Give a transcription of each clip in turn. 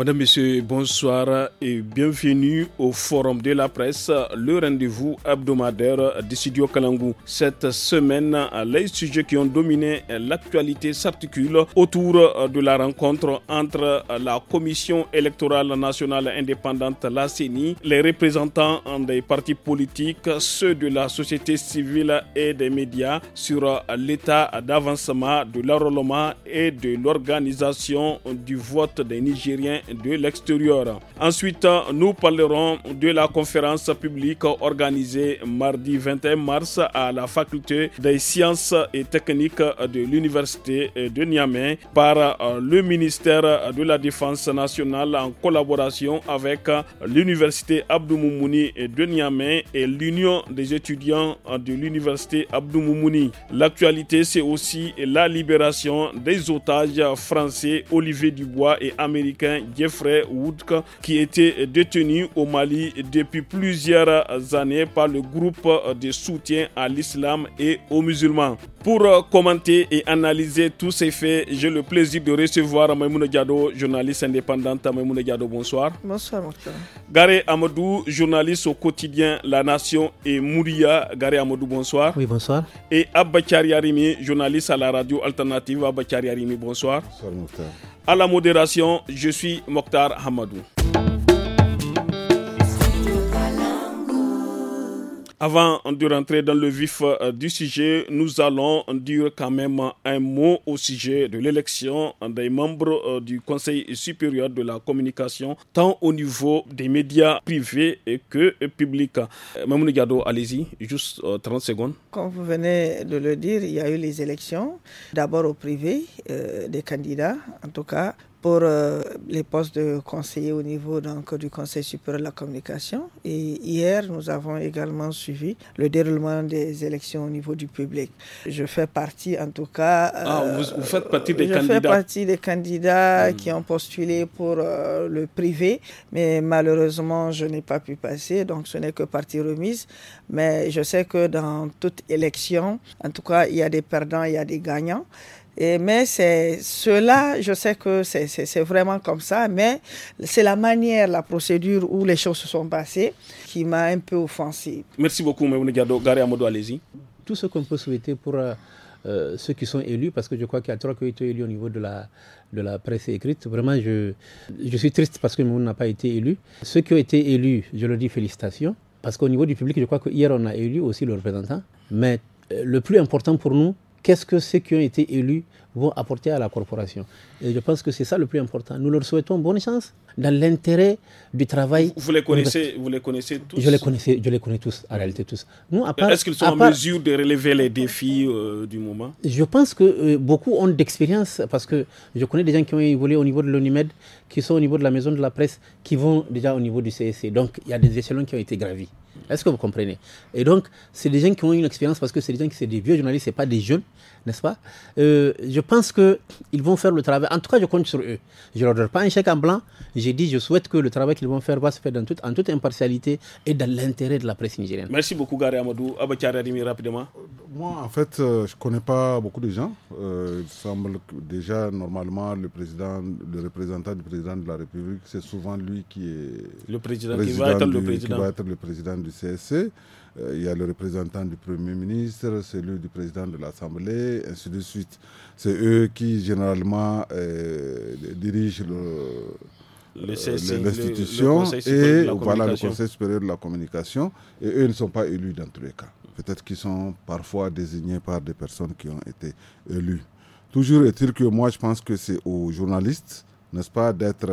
Madame, Monsieur, bonsoir et bienvenue au Forum de la presse, le rendez-vous hebdomadaire du studio Kalangou. Cette semaine, les sujets qui ont dominé l'actualité s'articulent autour de la rencontre entre la Commission électorale nationale indépendante, la CENI, les représentants des partis politiques, ceux de la société civile et des médias sur l'état d'avancement de l'enrôlement et de l'organisation du vote des Nigériens de l'extérieur. Ensuite, nous parlerons de la conférence publique organisée mardi 21 mars à la faculté des sciences et techniques de l'université de Niamey par euh, le ministère de la Défense nationale en collaboration avec euh, l'université Abdou Moumouni de Niamey et l'Union des étudiants de l'université Abdou Moumouni. L'actualité, c'est aussi la libération des otages français Olivier Dubois et américain Jeffrey Wood, qui était détenu au Mali depuis plusieurs années par le groupe de soutien à l'islam et aux musulmans. Pour commenter et analyser tous ces faits, j'ai le plaisir de recevoir Maimouna Diado, journaliste indépendante. Maimouna Diado, bonsoir. Bonsoir, Mokhtar. Garé Amadou, journaliste au quotidien La Nation et Mouria. Garé Amadou, bonsoir. Oui, bonsoir. Et Abba Arimi, journaliste à la radio alternative. Abba Arimi, bonsoir. Bonsoir, À la modération, je suis Mokhtar Hamadou. Avant de rentrer dans le vif euh, du sujet, nous allons dire quand même un mot au sujet de l'élection des membres euh, du Conseil supérieur de la communication, tant au niveau des médias privés que publics. Euh, Mamoun Gado, allez-y, juste 30 secondes. Comme vous venez de le dire, il y a eu les élections, d'abord au privé, des candidats, en tout cas pour euh, les postes de conseiller au niveau donc, du Conseil supérieur de la communication. Et hier, nous avons également suivi le déroulement des élections au niveau du public. Je fais partie, en tout cas. Ah, euh, vous, vous, faites partie des candidats. Je fais partie des candidats hmm. qui ont postulé pour euh, le privé, mais malheureusement, je n'ai pas pu passer, donc ce n'est que partie remise. Mais je sais que dans toute élection, en tout cas, il y a des perdants, il y a des gagnants mais c'est cela, je sais que c'est vraiment comme ça, mais c'est la manière, la procédure où les choses se sont passées qui m'a un peu offensé. Merci beaucoup, Mme Gado. Gary Amadou, allez-y. Tout ce qu'on peut souhaiter pour euh, euh, ceux qui sont élus, parce que je crois qu'il y a trois qui ont été élus au niveau de la, de la presse écrite. Vraiment, je, je suis triste parce que nous n'a pas été élu. Ceux qui ont été élus, je leur dis félicitations, parce qu'au niveau du public, je crois qu'hier, on a élu aussi le représentant. Mais euh, le plus important pour nous, Qu'est-ce que ceux qui ont été élus vont apporter à la corporation. Et je pense que c'est ça le plus important. Nous leur souhaitons bonne chance dans l'intérêt du travail. Vous les connaissez, vous les connaissez tous Je les connaissais, je les connais tous, en réalité tous. Est-ce qu'ils sont en mesure de relever les défis euh, du moment Je pense que euh, beaucoup ont d'expérience parce que je connais des gens qui ont évolué au niveau de l'ONIMED, qui sont au niveau de la maison de la presse, qui vont déjà au niveau du CSC. Donc il y a des échelons qui ont été gravis. Est-ce que vous comprenez Et donc, c'est des gens qui ont une expérience parce que c'est des gens qui sont des vieux journalistes, ce pas des jeunes n'est-ce pas euh, Je pense qu'ils vont faire le travail. En tout cas, je compte sur eux. Je ne leur donne pas un chèque en blanc. J'ai dit, je souhaite que le travail qu'ils vont faire va se faire dans toute, en toute impartialité et dans l'intérêt de la presse nigérienne. Merci beaucoup, Gary Amadou. rapidement. Euh, moi, en fait, euh, je ne connais pas beaucoup de gens. il semble que déjà, normalement, le président, le représentant du président de la République, c'est souvent lui qui est. Le président, qui va être le Qui va être le président du CSC. Euh, il y a le représentant du Premier ministre, celui du président de l'Assemblée, ainsi de suite. C'est eux qui, généralement, euh, dirigent euh, l'institution et voilà le Conseil supérieur de la communication. Et eux ne sont pas élus dans tous les cas. Peut-être qu'ils sont parfois désignés par des personnes qui ont été élues. Toujours est-il que moi, je pense que c'est aux journalistes, n'est-ce pas, d'être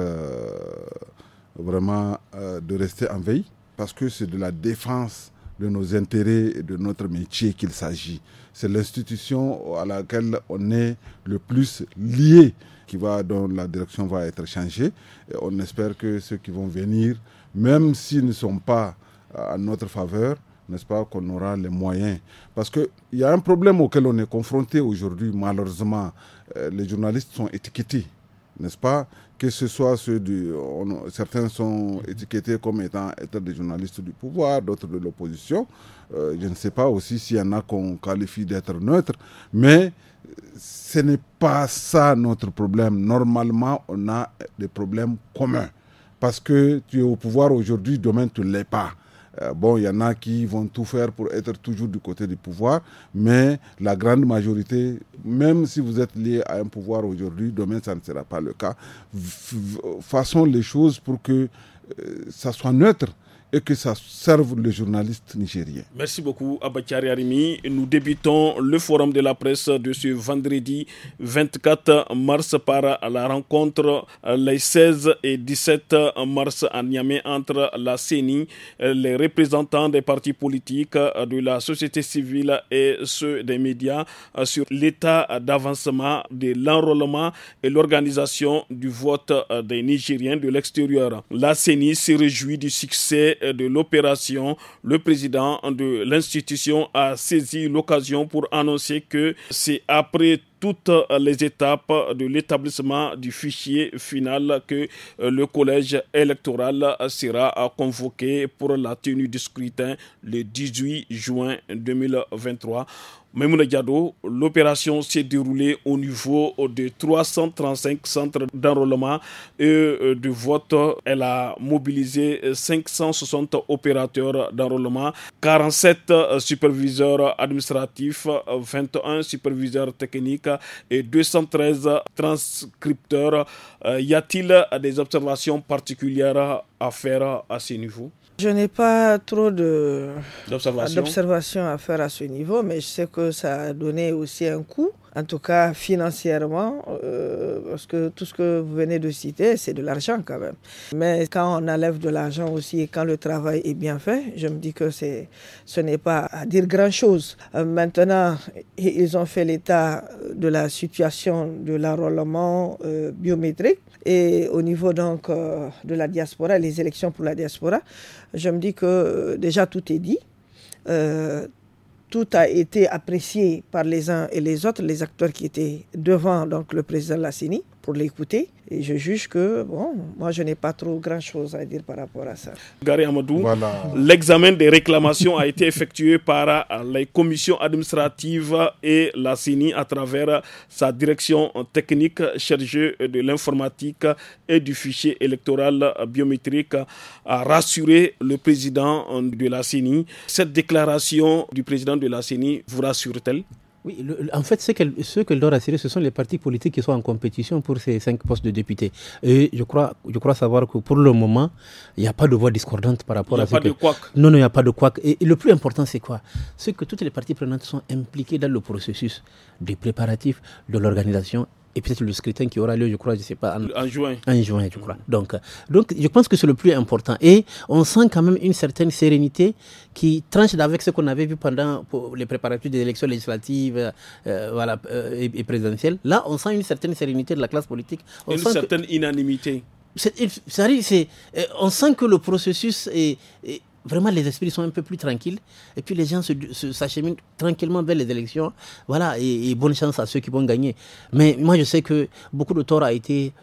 vraiment, de rester en veille, parce que c'est de la défense de nos intérêts et de notre métier qu'il s'agit. C'est l'institution à laquelle on est le plus lié qui va, dont la direction va être changée. Et on espère que ceux qui vont venir, même s'ils ne sont pas euh, à notre faveur, n'est-ce pas, qu'on aura les moyens. Parce qu'il y a un problème auquel on est confronté aujourd'hui, malheureusement. Euh, les journalistes sont étiquetés, n'est-ce pas que ce soit ceux du. certains sont étiquetés comme étant, des journalistes du pouvoir, d'autres de l'opposition. Euh, je ne sais pas aussi s'il y en a qu'on qualifie d'être neutre. mais ce n'est pas ça notre problème. Normalement, on a des problèmes communs. Parce que tu es au pouvoir aujourd'hui, demain, tu ne l'es pas. Euh, bon, il y en a qui vont tout faire pour être toujours du côté du pouvoir, mais la grande majorité, même si vous êtes lié à un pouvoir aujourd'hui, demain, ça ne sera pas le cas. Faisons les choses pour que euh, ça soit neutre et que ça serve le journaliste nigérien. Merci beaucoup, Abakari Arimi. Nous débutons le forum de la presse de ce vendredi 24 mars par la rencontre euh, les 16 et 17 mars à Niamey entre la CENI, euh, les représentants des partis politiques, euh, de la société civile et ceux des médias sur l'état d'avancement de l'enrôlement et l'organisation du vote des Nigériens de l'extérieur. La CENI se réjouit du succès de l'opération, le président de l'institution a saisi l'occasion pour annoncer que c'est après toutes les étapes de l'établissement du fichier final que euh, le collège électoral sera convoqué pour la tenue du scrutin le 18 juin 2023. Memouna Diado, l'opération s'est déroulée au niveau de 335 centres d'enrôlement et euh, de vote. Elle a mobilisé 560 opérateurs d'enrôlement, 47 superviseurs administratifs, 21 superviseurs techniques, et 213 transcripteurs. Euh, y a-t-il euh, des observations particulières à faire à ce niveau je n'ai pas trop d'observations à faire à ce niveau, mais je sais que ça a donné aussi un coût en tout cas financièrement, euh, parce que tout ce que vous venez de citer, c'est de l'argent quand même. Mais quand on enlève de l'argent aussi et quand le travail est bien fait, je me dis que ce n'est pas à dire grand-chose. Euh, maintenant, ils ont fait l'état de la situation de l'enrôlement euh, biométrique et au niveau donc de la diaspora, les élections pour la diaspora, je me dis que déjà tout est dit tout a été apprécié par les uns et les autres, les acteurs qui étaient devant donc le président Lassini pour l'écouter. Et je juge que, bon, moi, je n'ai pas trop grand-chose à dire par rapport à ça. Gary Amadou, l'examen des réclamations a été effectué par euh, les commissions administratives et la CENI à travers sa direction technique chargée de l'informatique et du fichier électoral biométrique a rassuré le président de la CENI. Cette déclaration du président de la CENI vous rassure-t-elle oui, en fait, ce qu'elle l'on doit rassurer, ce sont les partis politiques qui sont en compétition pour ces cinq postes de députés. Et je crois, je crois savoir que pour le moment, il n'y a pas de voix discordante par rapport à ce Il n'y a pas de quoi. Non, il n'y a pas de quoi. Et, et le plus important, c'est quoi C'est que toutes les parties prenantes sont impliquées dans le processus des préparatifs, de l'organisation et peut-être le scrutin qui aura lieu, je crois, je sais pas, en, juin. En juin, je crois. Donc, euh, donc, je pense que c'est le plus important. Et on sent quand même une certaine sérénité qui tranche avec ce qu'on avait vu pendant les préparatifs des élections législatives euh, euh, voilà, et, présidentielles. Là, on sent une certaine sérénité de la classe politique. une certaine unanimité. on sent que le processus est, vraiment les esprits sont un peu plus tranquilles et puis les gens s'acheminent se, tranquillement vers les élections. Voilà, et, bonne chance à ceux qui vont gagner. Mais moi, je sais que beaucoup de tort a été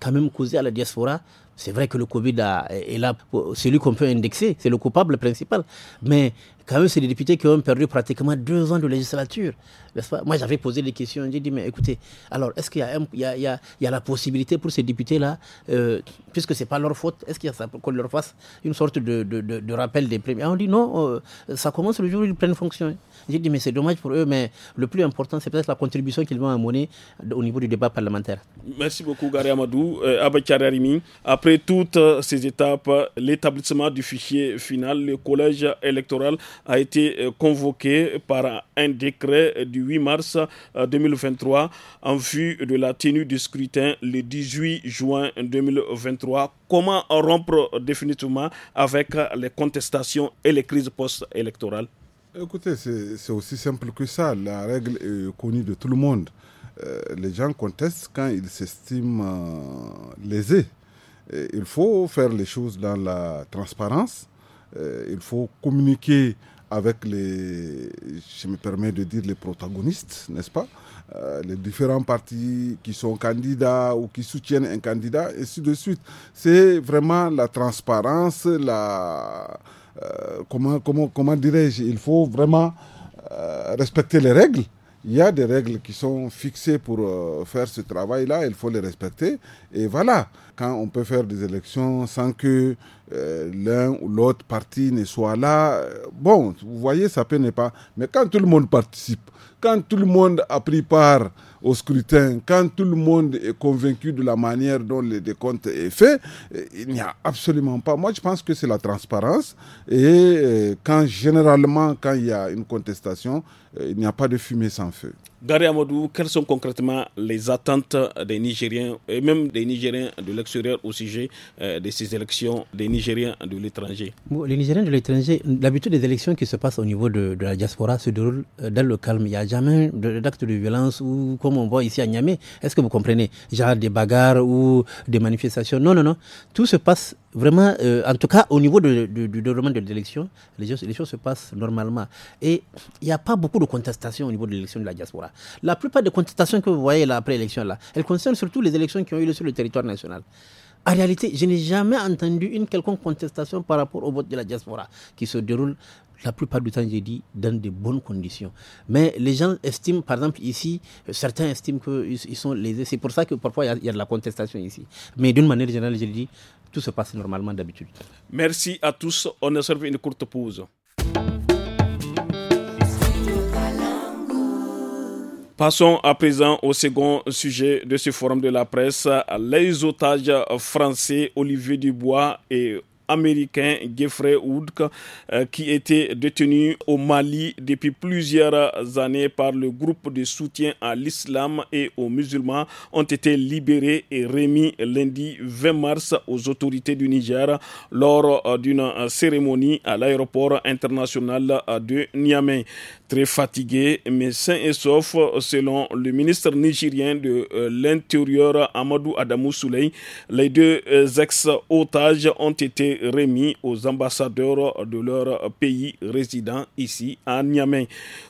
quand même causé à la diaspora. C'est vrai que le Covid a, est là, celui qu'on peut indexer, c'est le coupable principal. Mais quand même, c'est des députés qui ont perdu pratiquement deux ans de législature. Moi, j'avais posé des questions. J'ai dit, mais écoutez, alors, est-ce qu'il y, y, a, la possibilité pour ces députés-là, euh, puisque ce n'est pas leur faute, est-ce qu'il qu'on leur fasse une sorte de, rappel des premiers on dit, non, euh, ça commence le jour où ils prennent fonction. J'ai dit, mais c'est dommage pour eux, mais le plus important, c'est peut-être la contribution qu'ils vont amener au niveau du débat parlementaire. Merci beaucoup, Gary Amadou. Euh, après toutes ces étapes, l'établissement du fichier final, le collège électoral a été convoqué par un décret du 8 mars 2023 euh, en vue de la tenue du scrutin le 18 juin 2023. Comment rompre définitivement avec euh, les contestations et les crises post-électorales Écoutez, c'est aussi simple que ça. La règle est connue de tout le monde. Euh, les gens contestent quand ils s'estiment lésés. il faut faire les choses dans la transparence. il faut communiquer avec les, je me permets de dire, les protagonistes, n'est-ce pas euh, Les différents partis qui sont candidats ou qui soutiennent un candidat, et ainsi de suite. C'est vraiment la transparence, la... Euh, comment comment, comment dirais-je Il faut vraiment euh, respecter les règles. Il y a des règles qui sont fixées pour faire ce travail-là, il faut les respecter. Et voilà, quand on peut faire des élections sans que euh, l'un ou l'autre parti ne soit là. Euh, bon, vous voyez, ça peut pas. Mais quand tout le monde participe, quand tout le monde a pris part au scrutin, quand tout le monde est convaincu de la manière dont le décompte est fait, euh, il n'y a absolument pas. Moi, je pense que c'est la transparence. Et quand généralement, quand il y a une contestation, il n'y a pas de fumée sans feu. Gary Amadou, quelles sont concrètement les attentes des Nigériens et même des Nigériens de l'extérieur au sujet euh, de ces élections des Nigériens de l'étranger Les Nigériens de l'étranger, l'habitude des élections qui se passent au niveau de, la diaspora se déroule euh, dans le calme. Il n'y a jamais d'actes de violence ou comme on voit ici à Niamey. Est-ce que vous comprenez Genre des bagarres ou des manifestations. Non, non, non. Tout se passe vraiment, euh, en tout cas, au niveau du développement de l'élection, les, choses, se passent normalement. Et il n'y a pas beaucoup de contestations au niveau de l'élection de la diaspora. La plupart des contestations que vous voyez là, après l'élection, là, elles concernent surtout les élections qui ont eu lieu sur le territoire national. En réalité, je n'ai jamais entendu une quelconque contestation par rapport au vote de la diaspora qui se déroule la plupart du temps, j'ai dit, dans de bonnes conditions. Mais les gens estiment, par exemple, ici, certains estiment qu'ils sont lésés. C'est pour ça que parfois, il y, a, y, a de la contestation ici. Mais d'une manière générale, j'ai dit, se passe normalement d'habitude. Merci à tous. On a servi une courte pause. Passons à présent au second sujet de ce forum de la presse, les otages français Olivier Dubois et américain Jeffrey Wood, euh, qui était détenu au Mali depuis plusieurs années par le groupe de soutien à l'islam et aux musulmans ont été libérés et remis lundi 20 mars aux autorités du Niger lors euh, d'une euh, cérémonie à l'aéroport international de Niamey très fatigué, mais sain et sauf, selon le ministre nigérien de euh, l'Intérieur, Amadou Adamou Souley. Les deux euh, ex-otages ont été remis aux ambassadeurs de leur pays résident ici à Niamey.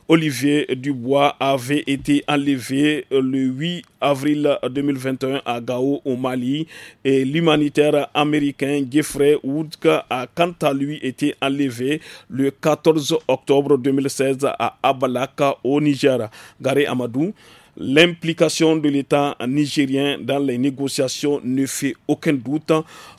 Olivier Dubois avait été enlevé le 8 avril 2021 à Gao au Mali et l'humanitaire américain Jeffrey Woodka a quant à lui été enlevé le 14 octobre 2016 à Abalaka au Niger. Gare Amadou, L'implication de l'État nigérien dans les négociations ne fait aucun doute.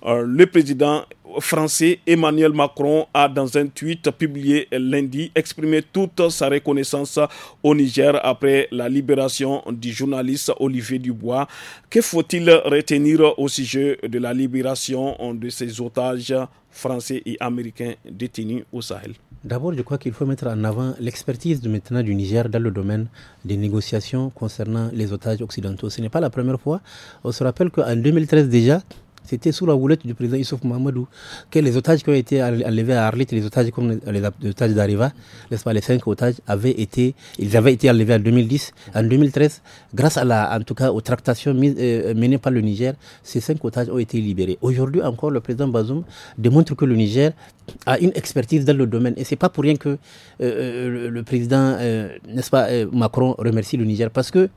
Euh, le président français Emmanuel Macron a, dans un tweet publié lundi, exprimé toute sa reconnaissance au Niger après la libération du journaliste Olivier Dubois. Que faut-il retenir au sujet de la libération de ces otages français et américains détenus au Sahel? D'abord, je crois qu'il faut mettre en avant l'expertise maintenant du Niger dans le domaine des négociations concernant les otages occidentaux. Ce n'est pas la première fois. On se rappelle qu'en 2013 déjà, c'était sous la houlette du président Issouf Mamadou que les otages qui ont été enlevés à Arlit, les otages comme les, otages d'Arriva, n'est-ce pas, les cinq otages avaient été, ils avaient été enlevés en 2010, en 2013, grâce à la, en tout cas, aux tractations euh, euh, menées par le Niger, ces cinq otages ont été libérés. Aujourd'hui encore, le président Bazoum démontre que le Niger a une expertise dans le domaine et c'est pas pour rien que euh, le, président, n'est-ce pas, Macron remercie le Niger parce que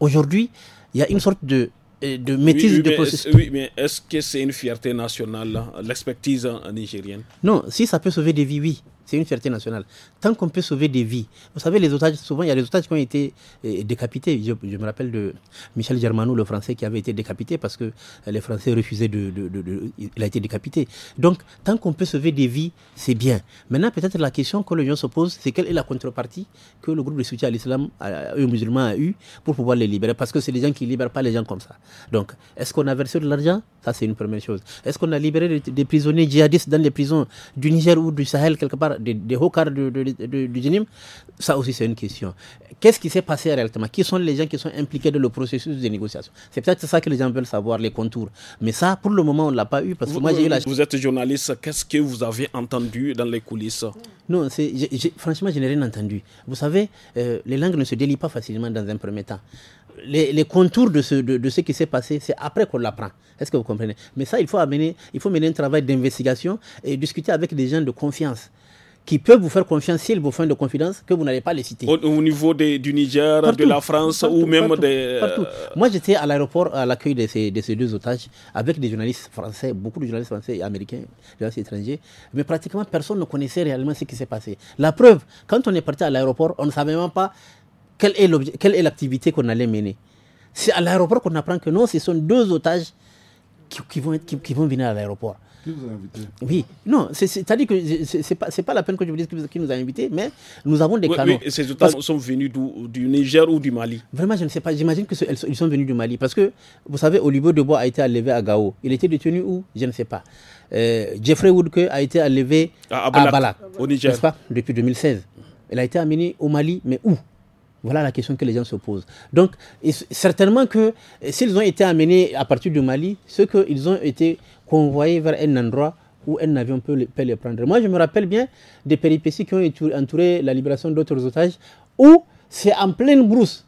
aujourd'hui, il y a une sorte de de maîtrise de processus. Oui, mais est-ce que c'est une fierté nationale, l'expertise euh, nigérienne Non, si ça peut sauver des vies, oui. C'est une fierté nationale. Tant qu'on peut sauver des vies. Vous savez, les otages, souvent, il y a des otages qui ont été euh, décapités. Je, me rappelle de Michel Germano, le Français, qui avait été décapité parce que euh, les Français refusaient de... il a été décapité. Donc, tant qu'on peut sauver des vies, c'est bien. Maintenant, peut-être la question que l'Union se pose, c'est quelle est la contrepartie que le groupe de soutien à l'islam, aux musulmans, a eu pour pouvoir les libérer. Parce que c'est les gens qui ne libèrent pas les gens comme ça. Donc, est-ce qu'on a versé de l'argent Ça, c'est une première chose. Est-ce qu'on a libéré des prisonniers djihadistes dans les prisons du Niger ou du Sahel, quelque part des, hauts de, du GNIM, ça aussi c'est une question. Qu'est-ce qui s'est passé réellement Qui sont les gens qui sont impliqués dans le processus de négociation C'est peut-être ça que les gens veulent savoir, les contours. Mais ça, pour le moment, on ne l'a pas eu parce que vous, moi Vous êtes journaliste, qu'est-ce que vous avez entendu dans les coulisses Non, franchement, je n'ai rien entendu. Vous savez, euh, les langues ne se délient pas facilement dans un premier temps. Les, les, contours de ce, de ce qui s'est passé, c'est après qu'on l'apprend. Est-ce que vous comprenez Mais ça, il faut, amener, il faut mener un travail d'investigation et discuter avec des gens de confiance qui peuvent vous faire confiance s'ils vous font de confidence que vous n'allez pas les citer. Au, niveau du Niger, de la France ou même partout, des. Euh, Moi, j'étais à l'aéroport à l'accueil de ces, deux otages avec des journalistes français, beaucoup de journalistes français et américains, de journalistes étrangers, mais pratiquement personne ne connaissait réellement ce qui s'est passé. La preuve, quand on est parti à l'aéroport, on ne savait même pas quelle est l'activité qu'on allait mener. C'est à l'aéroport qu'on apprend que non, ce sont deux otages qui vont venir à l'aéroport. Oui, non, c'est-à-dire que c'est pas, pas la peine que je vous dise qui, nous a invités, mais nous avons des ces otages sont venus du Niger ou du Mali Vraiment, je ne sais pas. J'imagine qu'ils sont venus du Mali. Parce que, vous savez, Olivier Debois a été enlevé à Gao. Il était détenu où Je ne sais pas. Euh, Jeffrey Woodke a été enlevé à, à au Niger. n'est-ce Pas Depuis 2016. Il a été amené au Mali, mais où voilà la question que les gens se posent. Donc, certainement que s'ils ont été amenés à partir du Mali, ceux qu'ils ont été convoyés vers un endroit où un avion peut les, les prendre. Moi, je me rappelle bien des péripéties qui ont entouré la libération d'autres otages, où c'est en pleine brousse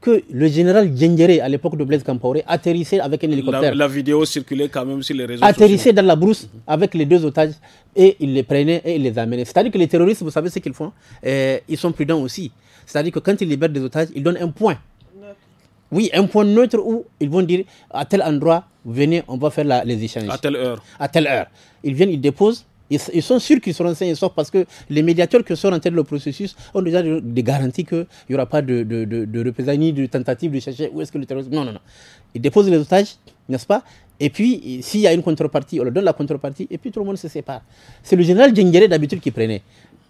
que le général Gengere, à l'époque de Blaise Campaoré, atterrissait avec un hélicoptère. La, vidéo circulait quand même sur les réseaux Atterrissait dans la brousse avec les deux otages et il les prenait et il les amenait. C'est-à-dire que les terroristes, vous savez ce qu'ils font eh, Ils sont prudents aussi. C'est-à-dire que quand ils libèrent des otages, ils donnent un point oui, un point neutre où ils vont dire à tel endroit, venez, on va faire les échanges. À telle heure. À telle heure. Ils viennent, ils déposent. Ils, sont sûrs qu'ils seront enceintes et sortent parce que les médiateurs qui sont en tête le processus ont déjà des garanties qu'il n'y aura pas de, de, de, représailles ni de tentatives de chercher où est-ce que le terrorisme. Non, non, non. Ils déposent les otages, n'est-ce pas Et puis, s'il y a une contrepartie, on leur donne la contrepartie et puis tout le monde se sépare. C'est le général Djengere d'habitude qui prenait.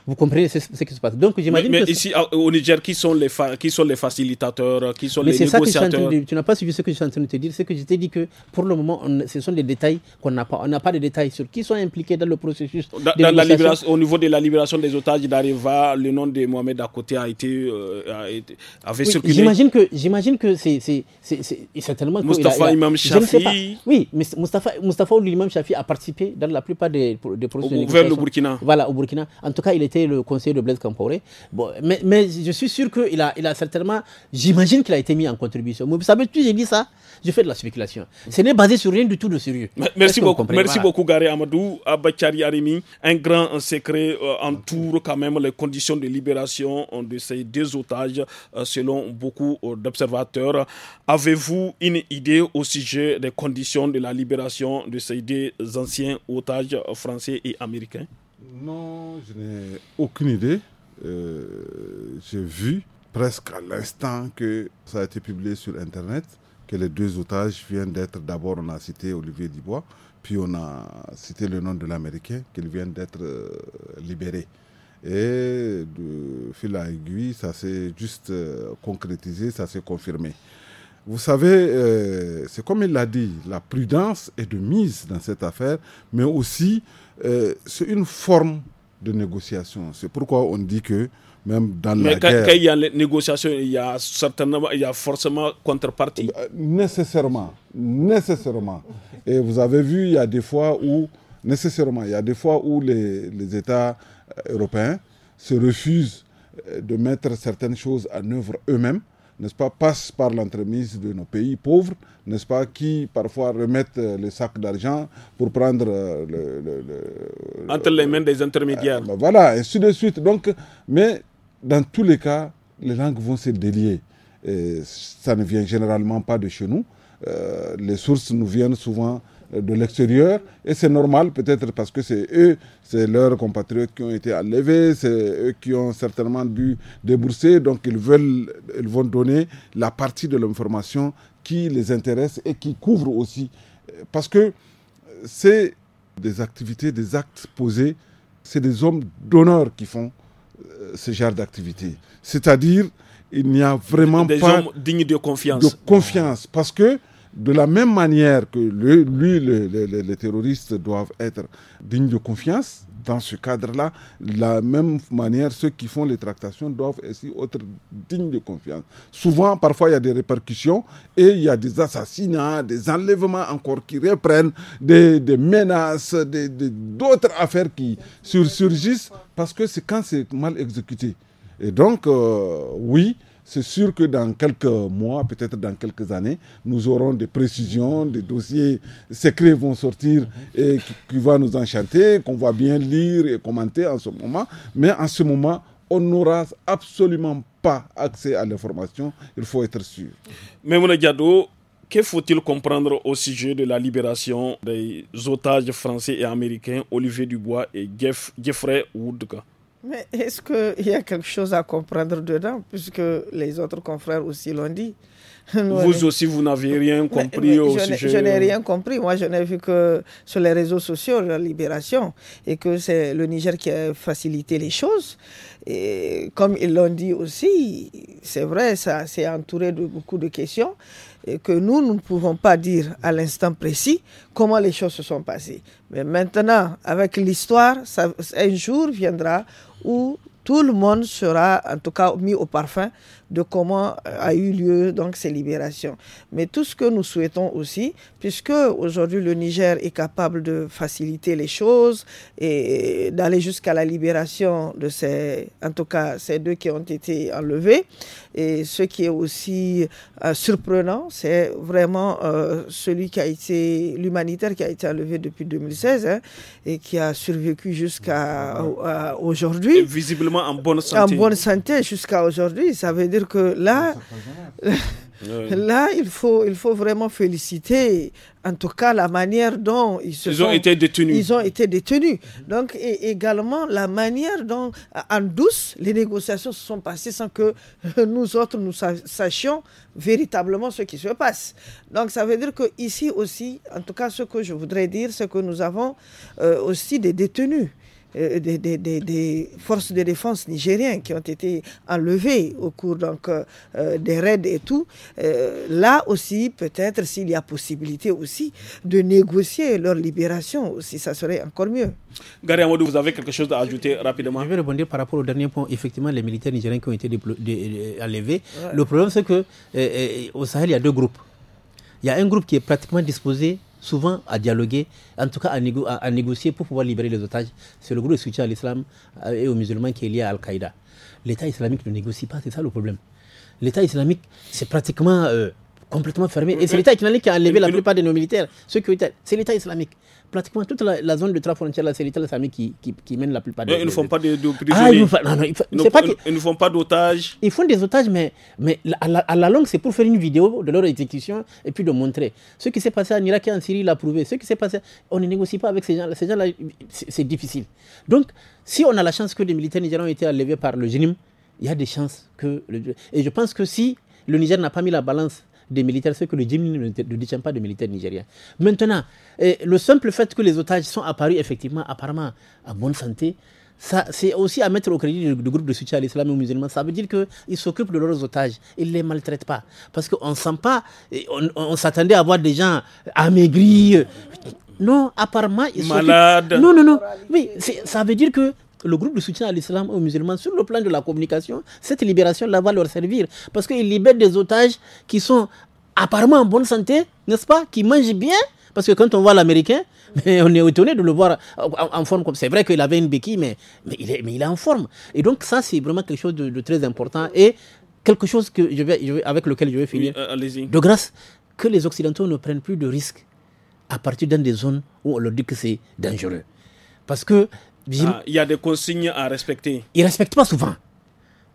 Vous comprenez ce, qui se passe. Donc j'imagine. Mais, ici ah, au Niger, qui sont les qui sont les facilitateurs, qui sont mais les négociateurs Tu n'as pas suivi ce que je suis en train de te dire. C'est que je t'ai dit que pour le moment, ce sont des détails qu'on n'a pas. On n'a pas de détails sur qui sont impliqués dans le processus. de au niveau de la libération des otages d'Areva, le nom de Mohamed à a été, euh, a été avait oui, J'imagine que j'imagine que c'est c'est certainement. Mustafa Imam Shafi. Oui, mais Mustafa ou l'imam Shafi a participé dans la plupart des, des processus. Au, de Burkina. Voilà, au Burkina. En tout cas, il était le conseiller de Blaise Camporé. Bon, mais, je suis sûr qu'il a, il a certainement, j'imagine qu'il a été mis en contribution. Mais vous savez, tu j'ai dit ça, je fais de la spéculation. Ce n'est basé sur rien du tout de sérieux. Merci beaucoup, merci beaucoup Gary Amadou, Abachari Arimi. Un grand secret euh, entoure quand même les conditions de libération euh, de ces deux otages, euh, selon beaucoup d'observateurs. Avez-vous une idée au sujet des conditions de la libération de ces deux anciens otages français et américains non, je n'ai aucune idée. Euh, j'ai vu presque à l'instant que ça a été publié sur Internet que les deux otages viennent d'être, d'abord on a cité Olivier Dubois, puis on a cité le nom de l'Américain, qu'il vient d'être euh, libéré. Et de fil à aiguille, ça s'est juste euh, concrétisé, ça s'est confirmé. Vous savez, c'est comme il l'a dit, la prudence est de mise dans cette affaire, mais aussi euh, c'est une forme de négociation. C'est pourquoi on dit que même dans le. la guerre... Mais quand il y a les négociations, il y a certainement, il y a forcément contrepartie. Euh, nécessairement, nécessairement. Et vous avez vu, il y a des fois où, nécessairement, il y a des fois où les, les États euh, européens se refusent de mettre certaines choses en œuvre eux-mêmes n'est-ce pas, passe par l'entremise de nos pays pauvres, n'est-ce pas, qui parfois remettent les sacs d'argent pour prendre euh, Entre les mains des intermédiaires. Euh, ben voilà, et ainsi de suite. Donc, mais dans tous les cas, les langues vont se délier. ça ne vient généralement pas de chez nous. Euh, les sources nous viennent souvent de l'extérieur. Et c'est normal, peut-être parce que c'est eux, c'est leurs compatriotes qui ont été enlevés, c'est eux qui ont certainement dû débourser. Donc, ils veulent, ils vont donner la partie de l'information qui les intéresse et qui couvre aussi. Parce que c'est des activités, des actes posés, c'est des hommes d'honneur qui font euh, ce genre d'activité. C'est-à-dire, il n'y a vraiment des pas hommes dignes de confiance. De confiance, parce que de la même manière que lui, les terroristes doivent être dignes de confiance, dans ce cadre-là, de la même manière, ceux qui font les tractations doivent aussi être dignes de confiance. Souvent, parfois, il y a des répercussions et il y a des assassinats, des enlèvements encore qui reprennent, des, menaces, d'autres affaires qui surgissent, parce que c'est quand c'est mal exécuté. Et donc, euh, oui, c'est sûr que dans quelques mois, peut-être dans quelques années, nous aurons des précisions, des dossiers secrets vont sortir et qui, vont nous enchanter, qu'on va bien lire et commenter en ce moment. Mais en ce moment, on n'aura absolument pas accès à l'information, il faut être sûr. Mais mon Diado, que faut-il comprendre au sujet de la libération des otages français et américains Olivier Dubois et Geoffrey Woodka mais est-ce qu'il y a quelque chose à comprendre dedans, puisque les autres confrères aussi l'ont dit vous aussi, vous n'avez rien compris au je sujet. Je n'ai euh. rien compris. Moi, je n'ai vu que sur les réseaux sociaux la libération et que c'est le Niger qui a facilité les choses. Et comme ils l'ont dit aussi, c'est vrai, ça s'est entouré de beaucoup de questions que nous, nous ne pouvons pas dire à l'instant précis comment les choses se sont passées. Mais maintenant, avec l'histoire, un jour viendra où tout le monde sera en tout cas mis au parfum de comment euh, a eu lieu donc ces libérations. Mais tout ce que nous souhaitons aussi, puisque aujourd'hui le Niger est capable de faciliter les choses et d'aller jusqu'à la libération de ces, en tout cas ces deux qui ont été enlevés. Et ce qui est aussi euh, surprenant, c'est vraiment euh, celui qui a été l'humanitaire qui a été enlevé depuis 2016 hein, et qui a survécu jusqu'à aujourd'hui. Visiblement en bonne santé. En bonne santé jusqu'à aujourd'hui. Ça veut dire c'est-à-dire que là, là, il faut, il faut vraiment féliciter, en tout cas, la manière dont ils se sont, ont été détenus. Ils ont été détenus. Donc, également, la manière dont, en douce, les négociations se sont passées sans que nous autres, nous sachions véritablement ce qui se passe. Donc, ça veut dire que ici aussi, en tout cas, ce que je voudrais dire, c'est que nous avons euh, aussi des détenus. Euh, des, forces de défense nigériennes qui ont été enlevées au cours donc, euh, des raids et tout. Euh, là aussi, peut-être s'il y a possibilité aussi de négocier leur libération, si ça serait encore mieux. Gary Amadou, vous avez quelque chose à ajouter rapidement Je vais répondre par rapport au dernier point. Effectivement, les militaires nigériens qui ont été enlevés. Le problème, c'est que au Sahel, il y a deux groupes. Il y a un groupe qui est pratiquement disposé souvent à dialoguer, en tout cas à, négocier pour pouvoir libérer les otages. C'est le groupe de soutien à l'islam euh, et aux musulmans qui est lié à Al-Qaïda. L'État islamique ne négocie pas, c'est ça le problème. L'État islamique, c'est pratiquement euh, complètement fermé. Et c'est l'État islamique qui a enlevé la plupart de nos militaires. Ceux c'est l'État islamique. Pratiquement toute la, zone de trois frontières, c'est l'État islamique qui, mène la plupart des. Ah, ils ne font pas de, prisonniers. ils, ne, font pas d'otages. Ils font des otages, mais, mais à, la, longue, c'est pour faire une vidéo de leur exécution et puis de montrer. Ce qui s'est passé en Irak et en Syrie l'a prouvé. Ce qui s'est passé, on ne négocie pas avec ces gens-là. Ces gens-là, c'est difficile. Donc, si on a la chance que des militaires nigériens ont été enlevés par le génie, il y a des chances que. Le... Et je pense que si le Niger n'a pas mis la balance des militaires, ce que le Djimli ne, détient pas de militaires nigériens. Maintenant, eh, le simple fait que les otages sont apparus effectivement, apparemment, à bonne santé, ça, c'est aussi à mettre au crédit du, groupe de soutien à l'islam et aux musulmans. Ça veut dire qu'ils s'occupent de leurs otages, ils ne les maltraitent pas. Parce qu'on ne sent pas, on, on s'attendait à voir des gens amaigris. Non, apparemment, ils sont. Malades. Non, non, non. Oui, ça veut dire que le groupe de soutien à l'islam aux musulmans, sur le plan de la communication, cette libération-là va leur servir. Parce qu'ils libèrent des otages qui sont apparemment en bonne santé, n'est-ce pas, qui mangent bien. Parce que quand on voit l'Américain, on est étonné de le voir en, forme comme. C'est vrai qu'il avait une béquille, mais, mais, il est, mais il est en forme. Et donc, ça, c'est vraiment quelque chose de, très important et quelque chose que je vais, avec lequel je vais finir. Euh, de grâce, que les Occidentaux ne prennent plus de risques à partir dans des zones où on leur dit que c'est dangereux. Parce que ah, il y a des consignes à respecter. Ils ne respectent pas souvent.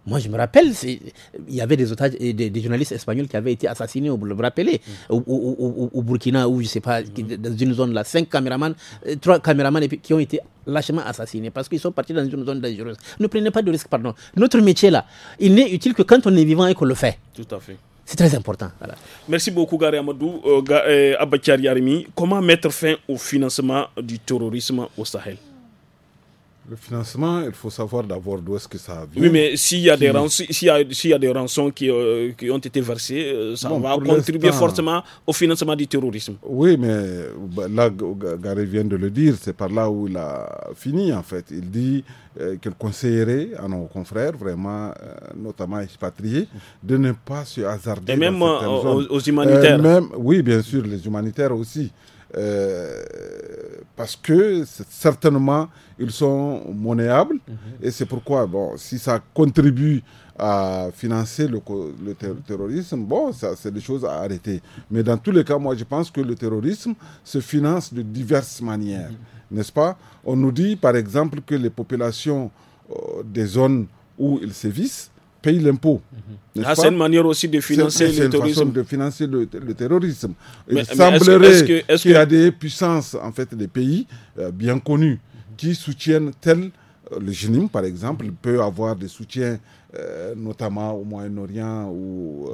Moi, je me rappelle, il y avait des otages, des, journalistes espagnols qui avaient été assassinés, vous le rappelez, au, Burkina, ou je ne sais pas, mhm. dans une zone là, cinq caméramans, euh, trois caméramans qui ont été lâchement assassinés parce qu'ils sont partis dans une zone dangereuse. Ne prenez pas de risques, pardon. Notre métier là, il n'est utile que quand on est vivant et qu'on le fait. Tout à fait. C'est très important. Merci beaucoup, Gary Amadou. Euh, euh Yarimi, comment mettre fin au financement du terrorisme au Sahel le financement, il faut savoir d'abord d'où est-ce que ça vient. Oui, mais s'il y, y, a, y a des rançons qui, euh, ont été versées, euh, ça va contribuer fortement au financement du terrorisme. Oui, mais bah, là, Gary vient de le dire, c'est par là où il a fini, en fait. Il dit euh, qu'il conseillerait à nos confrères, vraiment, notamment expatriés, de ne pas se hasarder. Et même aux, humanitaires. Même, oui, bien sûr, les humanitaires aussi. Euh, parce que certainement ils sont monnayables mhm. et c'est pourquoi bon si ça contribue à financer le, mhm. terrorisme, bon, ça, c'est des choses à arrêter. Mais dans tous les cas, moi, je pense que le terrorisme se finance de diverses manières, mhm. n'est-ce pas On nous dit, par exemple, que les populations euh, des zones où ils sévissent paye l'impôt. Mhm. Ah, c'est une manière aussi de financer le terrorisme. Façon de financer le, terrorisme. Il semblerait qu'il y a des puissances, en fait, des pays euh, bien connus qui soutiennent tel. Euh, le génie par exemple, peut avoir des soutiens, euh, notamment au Moyen-Orient ou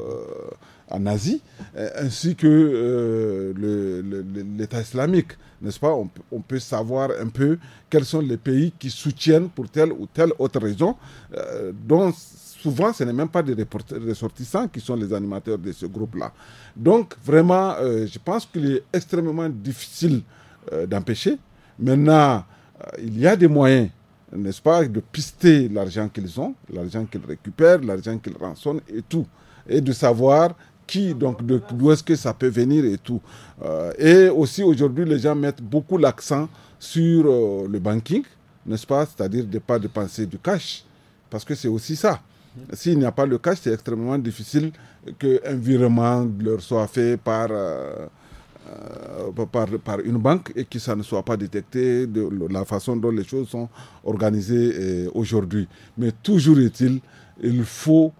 en Asie, ainsi que l'État islamique, n'est-ce pas on, on, peut savoir un peu quels sont les pays qui soutiennent pour telle ou telle autre raison, dont souvent, ce n'est même pas des ressortissants qui sont les animateurs de ce groupe-là. Donc, vraiment, euh, je pense qu'il est extrêmement difficile euh, d'empêcher. Maintenant, euh, il y a des moyens, n'est-ce pas, de pister l'argent qu'ils ont, l'argent qu'ils récupèrent, l'argent qu'ils rançonnent et tout. Et de savoir qui, donc d'où est-ce que ça peut venir et tout. et aussi, aujourd'hui, les gens mettent beaucoup l'accent sur le banking, n'est-ce pas, c'est-à-dire de ne pas dépenser du cash. Parce que c'est aussi ça. S'il n'y a pas le cash, c'est extrêmement difficile qu'un virement leur soit fait euh, euh, par, par, une banque et que ça ne soit pas détecté de la façon dont les choses sont organisées euh, aujourd'hui. Mais toujours est-il, il faut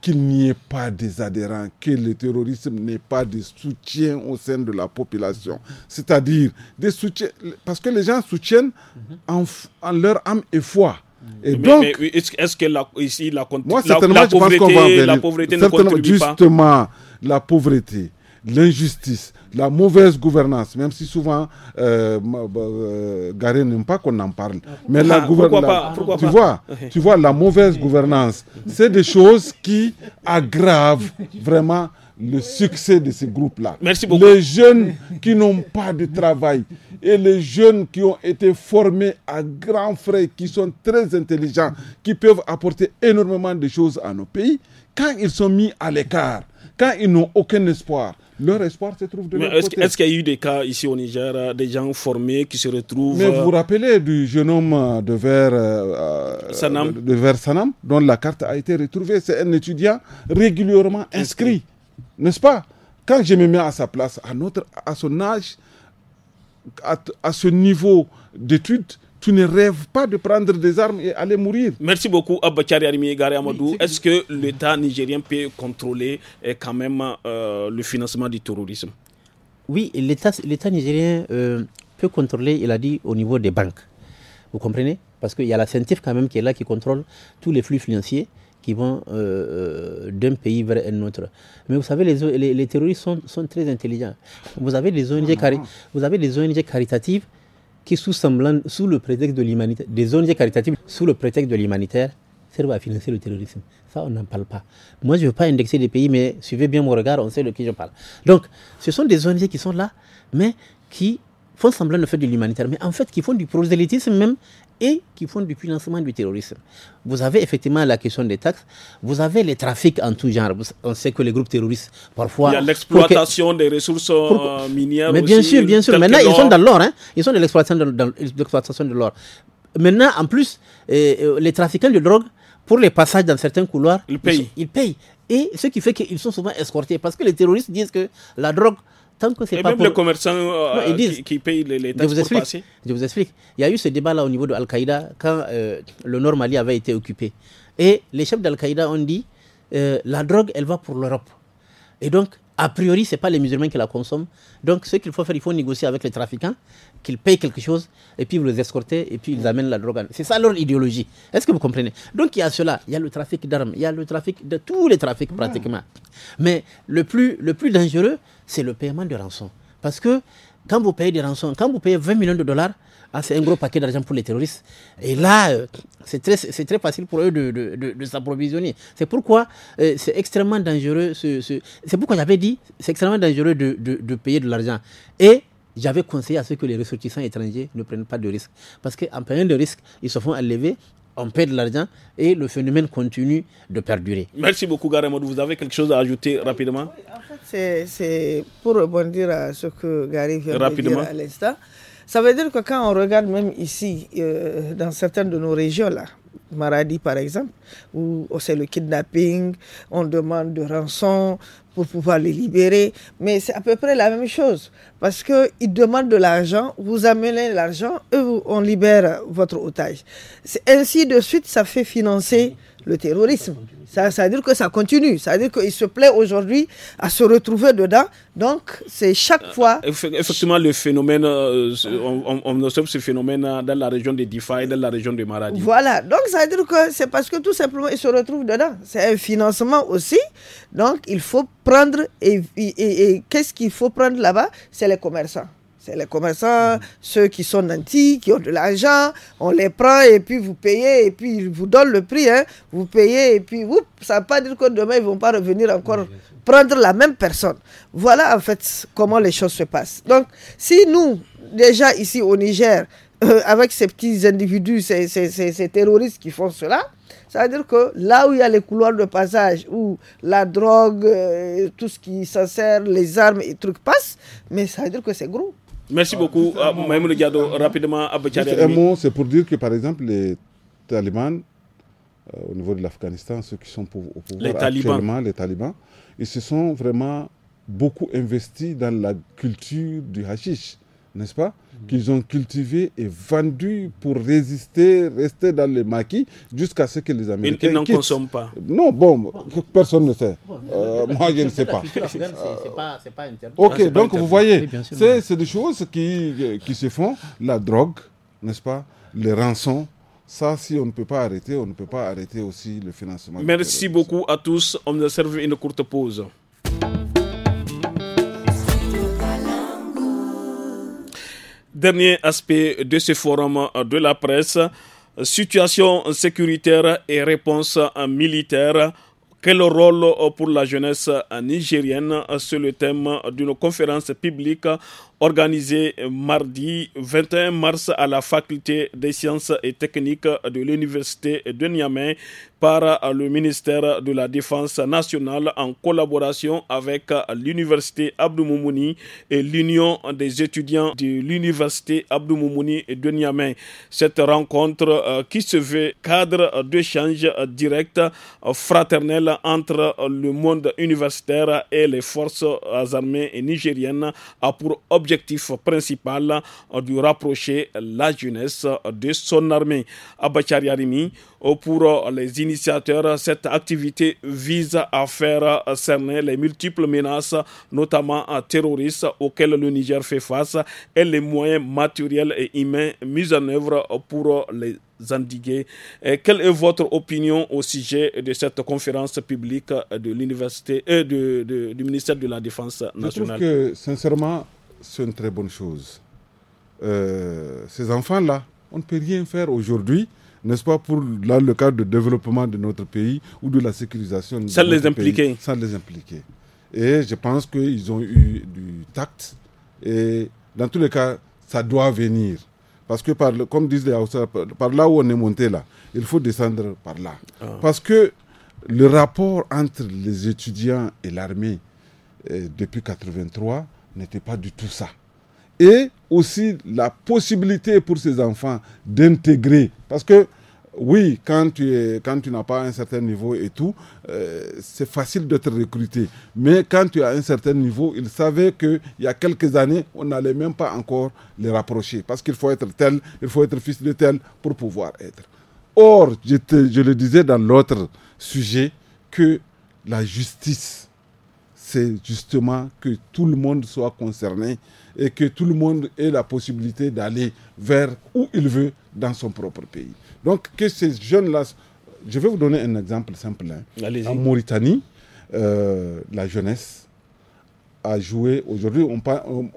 qu'il n'y ait pas des adhérents, que le terrorisme n'ait pas de soutien au sein de la population. C'est-à-dire des soutiens, parce que les gens soutiennent en, en leur âme et foi. Et donc, est-ce que ici, la, moi, la, la pauvreté, la pauvreté justement, la pauvreté, l'injustice, la mauvaise gouvernance, même si souvent euh, bah, euh n'aime pas qu'on en parle. Ah, mais la tu, vois, tu vois, la mauvaise gouvernance, c'est des choses qui aggravent vraiment le succès de ce groupe là Merci beaucoup. Les jeunes qui n'ont pas de travail et les jeunes qui ont été formés à grands frais, qui sont très intelligents, qui peuvent apporter énormément de choses à nos pays, quand ils sont mis à l'écart, quand ils n'ont aucun espoir, leur espoir se trouve de côté est-ce, qu'il y a eu des cas ici au Niger, euh, des gens formés qui se retrouvent... Mais vous vous euh, rappelez du jeune homme euh, de vers, De vers Sanam, dont la carte a été retrouvée. C'est un étudiant régulièrement inscrit. N'est-ce pas Quand je me mets à sa place, à, notre, à son âge, à, ce niveau d'études, tu ne rêves pas de prendre des armes et aller mourir. Merci beaucoup, Abachari Arimi Gare Amadou. Est-ce que l'État nigérien peut contrôler eh, quand même euh, le financement du terrorisme Oui, l'État nigérien euh, peut contrôler, il a dit, au niveau des banques. Vous comprenez Parce qu'il y a la CENTIF quand même qui est là, qui contrôle tous les flux financiers qui vont euh, euh, d'un pays vers un autre. Mais vous savez, les, terroristes sont, très intelligents. Vous avez des ONG, ah. vous avez caritatives qui, sous, sous le prétexte de l'humanité, des ONG caritatives sous le prétexte de l'humanitaire, servent à financer le terrorisme. Ça, on n'en parle pas. Moi, je ne veux pas indexer les pays, mais suivez bien mon regard, on sait de qui je parle. Donc, ce sont des ONG qui sont là, mais qui font semblant de faire de l'humanitaire, mais en fait qui font du prosélytisme même et qui font du financement du terrorisme. Vous avez effectivement la question des taxes, vous avez les trafics en tout genre. On sait que les groupes terroristes, parfois... Il y a l'exploitation des ressources euh, minières. Mais bien sûr, bien sûr. Maintenant, ils sont dans l'or. Hein. Ils sont dans l'exploitation de l'or. Maintenant, en plus, euh, euh, les trafiquants de drogue, pour les passages dans certains couloirs, ils payent. ils payent. Et ce qui fait qu'ils sont souvent escortés. Parce que les terroristes disent que la drogue tant que c'est Même les commerçants euh, qui, payent les, taxes je vous explique, Je vous explique. Il y a eu ce débat-là au niveau de Al-Qaïda quand euh, le Nord Mali avait été occupé. Et les chefs d'Al-Qaïda ont dit euh, la drogue, elle va pour l'Europe. Et donc, a priori, ce n'est pas les musulmans qui la consomment. Donc, ce qu'il faut faire, il faut négocier avec les trafiquants, qu'ils payent quelque chose, et puis vous les escortez, et puis ils amènent la drogue. C'est ça leur idéologie. Est-ce que vous comprenez Donc, il y a cela. Il y a le trafic d'armes, il y a le trafic de tous les trafics pratiquement. Mais le plus, le plus dangereux, c'est le paiement de rançon. Parce que quand vous payez des rançons, quand vous payez 20 millions de dollars, ah, c'est un gros paquet d'argent pour les terroristes. Et là, euh, c'est très, très facile pour eux de, s'approvisionner. C'est pourquoi euh, c'est extrêmement dangereux. C'est pourquoi j'avais dit c'est extrêmement dangereux de payer de l'argent. Et j'avais conseillé à ceux que les ressortissants étrangers ne prennent pas de risques. Parce qu'en prenant de risques, ils se font enlever, on perd de l'argent et le phénomène continue de perdurer. Merci beaucoup, Garemod. Vous avez quelque chose à ajouter rapidement oui, En fait, c'est pour rebondir à ce que Gary vient de dire à l'instant. Ça veut dire que quand on regarde même ici, euh, dans certaines de nos régions, là, Maradi par exemple, où c'est le kidnapping, on demande de rançon, pour pouvoir les libérer. Mais c'est à peu près la même chose. Parce qu'ils demandent de l'argent, vous amenez l'argent, eux, on libère votre otage. Ainsi de suite, ça fait financer mmh le terrorisme. Ça, veut dire que ça continue. Ça veut dire qu'il se plaît aujourd'hui à se retrouver dedans. Donc, c'est chaque euh, fois. Effectivement, le phénomène, euh, on, observe ce phénomène euh, dans la région de Difa et dans la région de Maradi. Voilà. Donc, ça veut dire que c'est parce que tout simplement, ils se retrouvent dedans. C'est un financement aussi. Donc, il faut prendre. et qu'est-ce qu'il faut prendre là-bas C'est les commerçants. C'est les commerçants, mm-hmm. ceux qui sont nantis, qui ont de l'argent, on les prend et puis vous payez et puis ils vous donnent le prix. Hein. Vous payez et puis ça ne veut pas dire que demain ils ne vont pas revenir encore prendre la même personne. Voilà en fait comment les choses se passent. Donc si nous, déjà ici au Niger, euh, avec ces petits individus, ces, ces, terroristes qui font cela, ça veut dire que là où il y a les couloirs de passage, où la drogue, euh, tout ce qui s'en sert, les armes et trucs passent, mais ça veut dire que c'est gros. Merci beaucoup, euh, Maïmou Rapidement, un mot, c'est pour dire que, par exemple, les talibans, euh, au niveau de l'Afghanistan, ceux qui sont au pouvoir les actuellement, les talibans, ils se sont vraiment beaucoup investis dans la culture du hashish n'est-ce pas Qu'ils ont cultivé et vendu pour résister, rester dans les maquis jusqu'à ce que les Américains. Ils, n'en consomment pas. Non, bon, personne ne sait. Euh, moi, je ne sais pas. Euh, pas Ok, ah, donc vous voyez, c'est des choses qui, qui se font. La drogue, n'est-ce pas Les rançons. Ça, si on ne peut pas arrêter, on ne peut pas arrêter aussi le financement. Merci beaucoup à tous. On servi une courte pause. Dernier aspect de ce forum de la presse, situation sécuritaire et réponse militaire. Quel rôle pour la jeunesse nigérienne sur le thème d'une conférence publique organisé mardi 21 mars à la faculté des sciences et techniques de l'université de Niamey par le ministère de la Défense nationale en collaboration avec l'université Abdou Moumouni et l'Union des étudiants de l'université Abdou Moumouni de Niamey. Cette rencontre euh, qui se veut cadre d'échanges directs euh, fraternels entre le monde universitaire et les forces armées nigériennes a pour objectif objectif principal de rapprocher la jeunesse de son armée. Abachari Arimi, pour les initiateurs, cette activité vise à faire cerner les multiples menaces, notamment terroristes, auxquelles le Niger fait face et les moyens matériels et humains mis en œuvre pour les endiguer. quelle est votre opinion au sujet de cette conférence publique de l'université et euh, du ministère de la Défense nationale Je trouve que, sincèrement, c'est une très bonne chose. Euh, ces enfants-là, on ne peut rien faire aujourd'hui, n'est-ce pas, pour le cadre de développement de notre pays ou de la sécurisation. De notre les impliquer. Pays, les impliquer. Et je pense qu'ils ont eu du tact. Et dans tous les cas, ça doit venir. Parce que, par comme disent les haussards, par, là où on est monté là, il faut descendre par là. Ah. Parce que le rapport entre les étudiants et l'armée, depuis 1983, n'était pas du tout ça. Et aussi la possibilité pour ces enfants d'intégrer. Parce que oui, quand tu, es, quand tu n'as pas un certain niveau et tout, euh, c'est facile d'être recruté. Mais quand tu as un certain niveau, ils savaient qu'il y a quelques années, on n'allait même pas encore les rapprocher. Parce qu'il faut être tel, il faut être fils de tel pour pouvoir être. Or, je, te, je le disais dans l'autre sujet, que la justice c'est justement que tout le monde soit concerné et que tout le monde ait la possibilité d'aller vers où il veut dans son propre pays. Donc que ces jeunes-là, je vais vous donner un exemple simple. Hein. En Mauritanie, euh, la jeunesse a joué. Aujourd'hui, on,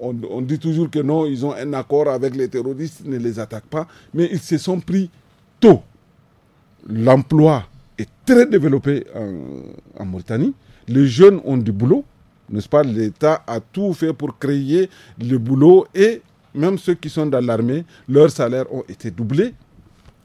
on, dit toujours que non, ils ont un accord avec les terroristes, ne les attaquent pas, mais ils se sont pris tôt. L'emploi est très développé en, en Mauritanie les jeunes ont du boulot, n'est-ce pas L'État a tout fait pour créer le boulot et même ceux qui sont dans l'armée, leurs salaires ont été doublés,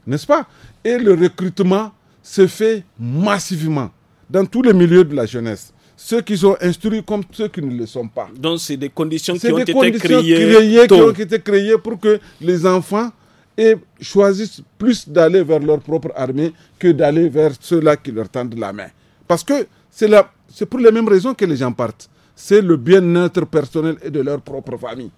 n'est-ce pas Et le recrutement se fait massivement dans tous les milieux de la jeunesse. Ceux qui sont instruits comme ceux qui ne le sont pas. Donc, c'est des conditions qui ont des été conditions créées, qui ont été créées pour que les enfants aient choisissent plus d'aller vers leur propre armée que d'aller vers ceux-là qui leur tendent la main. Parce que c'est la c'est pour les mêmes raisons que les gens partent. C'est le bien-être personnel et de leur propre famille.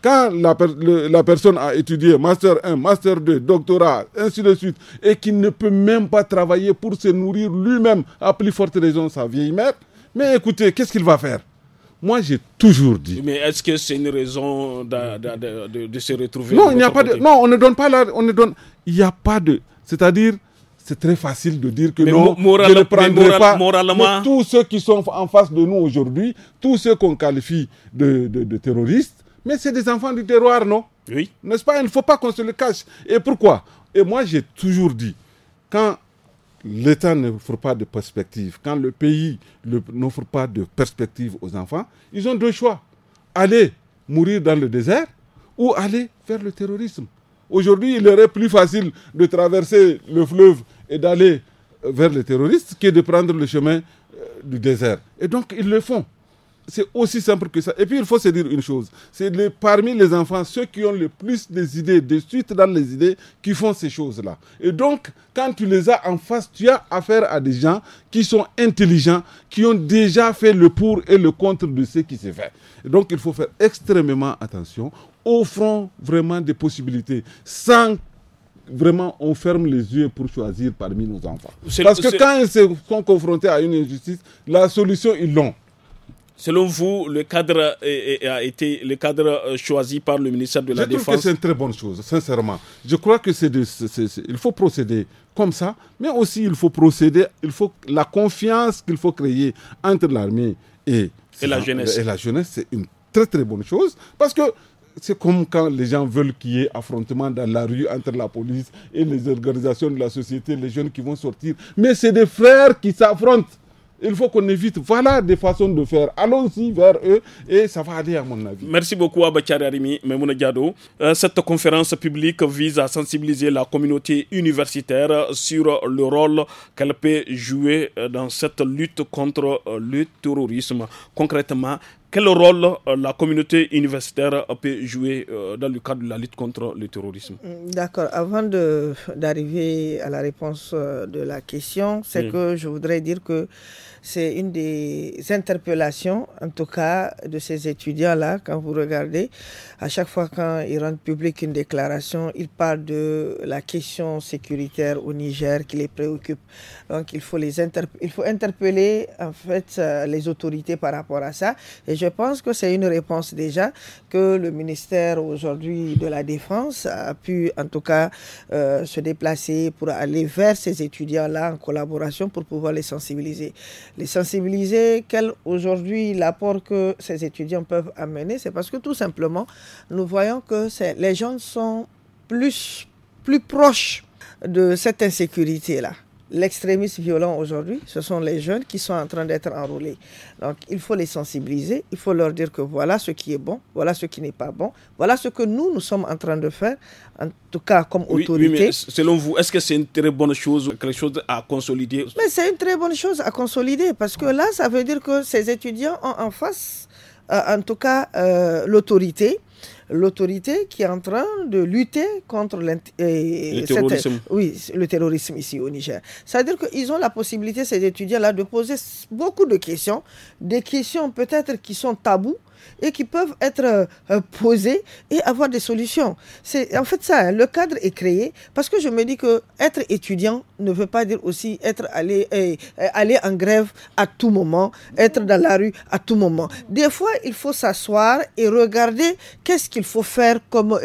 Quand la, personne a étudié Master 1, Master 2, doctorat, ainsi de suite, et qu'il ne peut même pas travailler pour se nourrir lui-même, à plus forte raison sa vieille mère, mais écoutez, qu'est-ce qu'il va faire moi, j'ai toujours dit. Mais est-ce que c'est une raison de, de, se retrouver Non, il n'y a pas Non, on ne donne pas la. On ne donne. Il n'y a pas de. C'est-à-dire, c'est très facile de dire que nous ne prendrai pas. Moralement... tous ceux qui sont en face de nous aujourd'hui, tous ceux qu'on qualifie de, terroristes, mais c'est des enfants du terroir, non Oui. N'est-ce pas Il ne faut pas qu'on se le cache. Et pourquoi Et moi, j'ai toujours dit, quand l'État n'offre pas de perspective, quand le pays n'offre pas de perspective aux enfants, ils ont deux choix. Aller mourir dans le désert ou aller faire le terrorisme. Aujourd'hui, il aurait plus facile de traverser le fleuve et d'aller euh, vers les terroristes que de prendre le chemin euh, du désert. Et donc, ils le font. C'est aussi simple que ça. Et puis, il faut se dire une chose c'est les, parmi les enfants, ceux qui ont le plus des idées, de suite dans les idées, qui font ces choses-là. Et donc, quand tu les as en face, tu as affaire à des gens qui sont intelligents, qui ont déjà fait le pour et le contre de ce qui se fait. Et donc, il faut faire extrêmement attention. Offrons vraiment des possibilités sans vraiment on ferme les yeux pour choisir parmi nos enfants. Parce que quand ils se sont confrontés à une injustice, la solution, ils l'ont. Selon vous, le cadre a été le cadre euh, choisi par le ministère de la Défense. Je trouve que c'est une très bonne chose, sincèrement. Je crois que c'est il faut procéder comme ça, mais aussi il faut procéder, il faut la confiance qu'il faut créer entre l'armée et, et la jeunesse. Et la jeunesse, c'est une très très bonne chose parce que c'est comme quand les gens veulent qu'il y ait affrontement dans la rue entre la police et les organisations de la société, les jeunes qui vont sortir. Mais c'est des frères qui s'affrontent. Il faut qu'on évite. Voilà des façons de faire. Allons-y vers eux et ça va aller à mon avis. Merci beaucoup Abachar Arimi Memouna Diado. Euh, cette conférence publique vise à sensibiliser la communauté universitaire sur le rôle qu'elle peut jouer euh, dans cette lutte contre euh, le terrorisme. Concrètement, quel rôle euh, la communauté universitaire peut jouer euh, dans le cadre de la lutte contre le terrorisme mm, D'accord. Avant d'arriver à la réponse euh, de la question, c'est mm. que je voudrais dire que c'est une des interpellations, en tout cas, de ces étudiants-là, quand vous regardez. À chaque fois quand ils rendent public une déclaration, ils parlent de la question sécuritaire au Niger qui les préoccupe. Donc, il faut, les il faut interpeller, en fait, euh, les autorités par rapport à ça. Et je pense que c'est une réponse déjà que le ministère aujourd'hui de la Défense a pu, en tout cas, euh, se déplacer pour aller vers ces étudiants-là en collaboration pour pouvoir les sensibiliser les sensibiliser, quel aujourd'hui l'apport que ces étudiants peuvent amener, c'est parce que tout simplement, nous voyons que les jeunes sont plus, plus proches de cette insécurité-là. L'extrémisme violent aujourd'hui, ce sont les jeunes qui sont en train d'être enrôlés. Donc, il faut les sensibiliser, il faut leur dire que voilà ce qui est bon, voilà ce qui n'est pas bon, voilà ce que nous, nous sommes en train de faire, en tout cas comme autorité. Oui, mais selon vous, est-ce que c'est une très bonne chose, quelque chose à consolider Mais c'est une très bonne chose à consolider, parce que là, ça veut dire que ces étudiants ont en face, euh, en tout cas, euh, l'autorité l'autorité qui est en train de lutter contre le terrorisme. oui, le terrorisme ici au Niger. C'est-à-dire qu'ils ont la possibilité, ces étudiants-là, de poser beaucoup de questions, des questions peut-être qui sont taboues, et qui peuvent être euh, posées et avoir des solutions. C'est en fait ça, hein, le cadre est créé parce que je me dis que être étudiant ne veut pas dire aussi être allé, euh, euh, aller en grève à tout moment, être dans la rue à tout moment. Des fois, il faut s'asseoir et regarder qu'est-ce qu'il faut faire,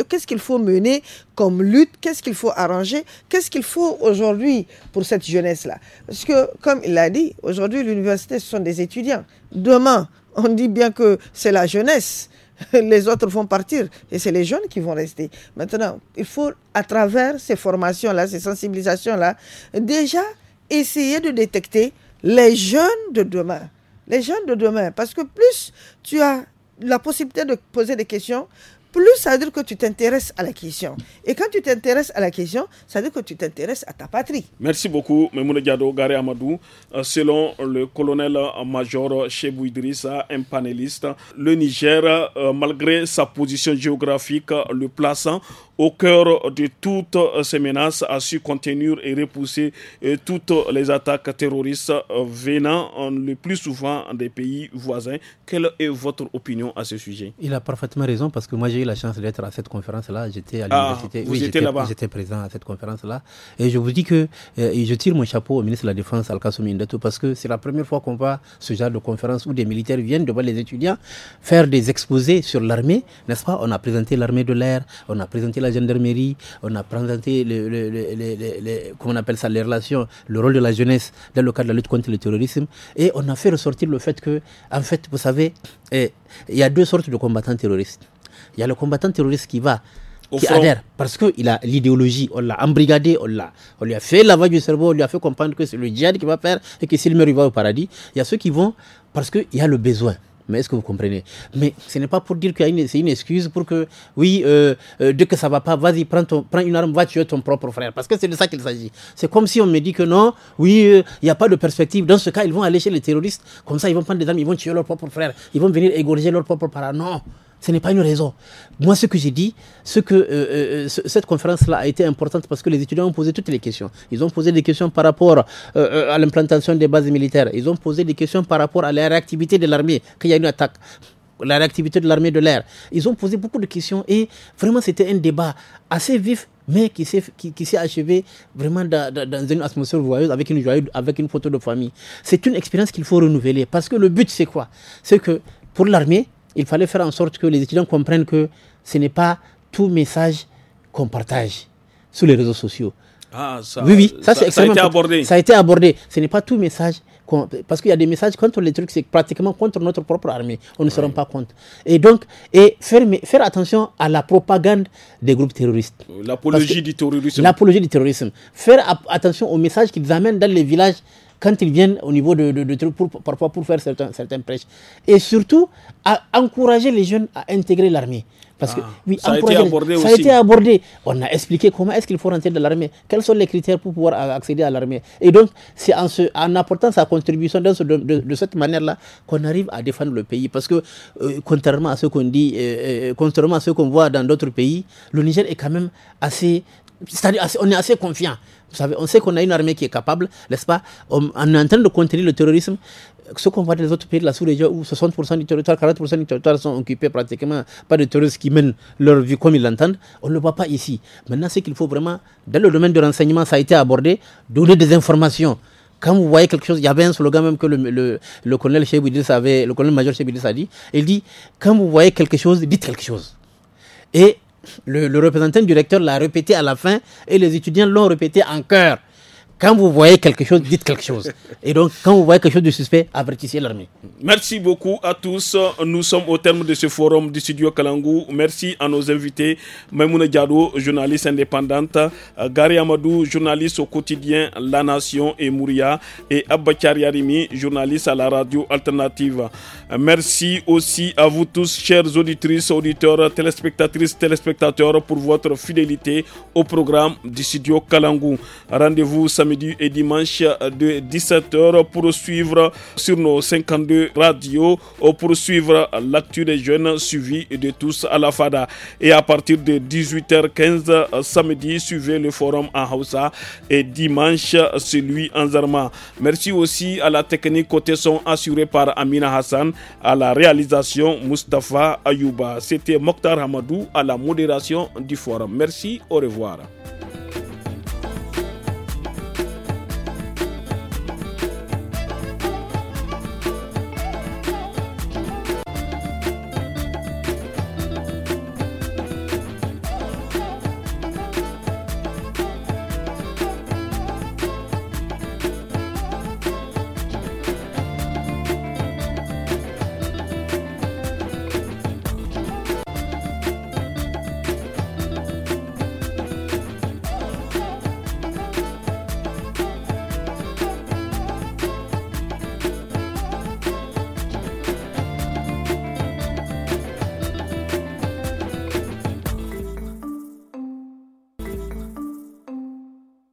qu'est-ce qu'il faut mener comme lutte, qu'est-ce qu'il faut arranger, qu'est-ce qu'il faut aujourd'hui pour cette jeunesse-là. Parce que, comme il l'a dit, aujourd'hui, l'université, ce sont des étudiants. Demain, on dit bien que c'est la jeunesse. Les autres vont partir et c'est les jeunes qui vont rester. Maintenant, il faut, à travers ces formations-là, ces sensibilisations-là, déjà essayer de détecter les jeunes de demain. Les jeunes de demain. Parce que plus tu as la possibilité de poser des questions, plus ça veut dire que tu t'intéresses à la question. Et quand tu t'intéresses à la question, ça veut dire que tu t'intéresses à ta patrie. Merci beaucoup, Memoune Diado, Gare Amadou. Euh, selon le colonel-major euh, Chebou Idrissa, un panéliste, le Niger, euh, malgré sa position géographique le plaçant au cœur de toutes ces menaces, a su contenir et repousser toutes les attaques terroristes venant le plus souvent des pays voisins. Quelle est votre opinion à ce sujet Il a parfaitement raison parce que moi, j'ai eu la chance d'être à cette conférence-là. J'étais à ah, l'université. Ah, oui, j'étais présent à cette conférence-là. Et je vous dis que euh, je tire mon chapeau au ministre de la Défense, al kassoumindato parce que c'est la première fois qu'on voit ce genre de conférence où des militaires viennent devant les étudiants faire des exposés sur l'armée, n'est-ce pas On a présenté l'armée de l'air, on a présenté la gendarmerie, on a présenté, le, on appelle ça, les relations, le rôle de la jeunesse dans le cadre de la lutte contre le terrorisme. Et on a fait ressortir le fait que, en fait, vous savez, eh, il y a deux sortes de combattants terroristes. Il y a le combattant terroriste qui va, qui adhère, parce qu'il a l'idéologie. On l'a embrigadé, on, l'a, on lui a fait lavage du cerveau, on lui a fait comprendre que c'est le djihad qui va faire et que s'il meurt, il va au paradis. Il y a ceux qui vont parce qu'il y a le besoin. Mais est-ce que vous comprenez Mais ce n'est pas pour dire que c'est une excuse pour que, oui, euh, euh dès que ça va pas, vas-y, prends, une arme, va tuer ton propre frère. Parce que c'est de ça qu'il s'agit. C'est comme si on me dit que non, oui, euh, il n'y a pas de perspective. Dans ce cas, ils vont aller chez les terroristes. Comme ça, ils vont prendre des armes, ils vont tuer leur propre frère. Ils vont venir égorger leur propre parent. Non. Ce n'est pas une raison. Moi, ce que j'ai dit, euh, euh, euh, ce que cette conférence-là a été importante parce que les étudiants ont posé toutes les questions. Ils ont posé des questions par rapport à l'implantation des bases militaires. Ils ont posé des questions par rapport à la réactivité de l'armée qu'il y a une attaque la réactivité de l'armée de l'air. Ils ont posé beaucoup de questions et vraiment c'était un débat assez vif mais qui s'est qui, achevé vraiment dans, une atmosphère joyeuse avec une joyeuse, avec une photo de famille. C'est une expérience qu'il faut renouveler parce que le but c'est quoi C'est que pour l'armée il fallait faire en sorte que les étudiants comprennent que ce n'est pas tout message qu'on partage sur les réseaux sociaux. Ah, ça, oui, oui, ça, ça a été abordé. Ça a été abordé. Ce n'est pas tout message. Parce qu'il y a des messages contre les trucs, c'est pratiquement contre notre propre armée. On ne se rend pas compte. Et donc, et faire, faire attention à la propagande des groupes terroristes. Euh, l'apologie du terrorisme. L'apologie du terrorisme. Faire attention aux messages qu'ils amènent dans les villages quand ils viennent au niveau de, trucs pour, parfois pour faire certains, prêches. Et surtout, à encourager les jeunes à intégrer l'armée. Parce que ah, oui, ça, a été, abordé On a expliqué comment est-ce qu'il faut rentrer dans l'armée, quels sont les critères pour pouvoir accéder à l'armée. Et donc, c'est en, apportant sa contribution de, cette manière-là qu'on arrive à défendre le pays. Parce que, euh, contrairement à ce qu'on dit, euh, euh, contrairement à ce qu'on voit dans d'autres pays, le Niger est quand même assez, C'est-à-dire on est assez confiant. Vous savez, on sait qu'on a une armée qui est capable, n'est-ce pas on, en train de contenir le terrorisme. Ce qu'on voit dans les autres pays de la sous-région où 60% du territoire, 40% du territoire sont occupés pratiquement pas de terroristes qui mènent leur vie comme ils l'entendent, on ne le voit pas ici. Maintenant, c'est qu'il faut vraiment, dans le domaine de renseignement, ça a été abordé, donner des informations quand vous voyez quelque chose, il y avait un slogan même que le, colonel avait, le colonel major Chebidis a dit, il dit, quand vous voyez quelque chose, dites quelque chose. Et le, représentant du lecteur l'a répété à la fin et les étudiants l'ont répété en chœur. Quand vous voyez quelque chose, dites quelque chose. Et donc, quand vous voyez quelque chose de suspect, avertissez l'armée. Merci beaucoup à tous. Nous sommes au terme de ce forum du studio Kalangou. Merci à nos invités. Maimoune Diado, journaliste indépendante. Gary Amadou, journaliste au quotidien La Nation et Mouria. Et Abba Yarimi, journaliste à la radio alternative. Merci aussi à vous tous, chers auditrices, auditeurs, téléspectatrices, téléspectateurs, pour votre fidélité au programme du studio Kalangou. Rendez-vous samedi samedi et dimanche de 17h pour suivre sur nos 52 radios, pour suivre l'actu des jeunes suivi de tous à la FADA. Et à partir de 18h15 samedi, suivez le forum en Hausa et dimanche celui en Zarma. Merci aussi à la technique côté son assuré par Amina Hassan, à la réalisation Mustafa Ayouba. C'était Mokhtar Hamadou à la modération du forum. Merci, au revoir.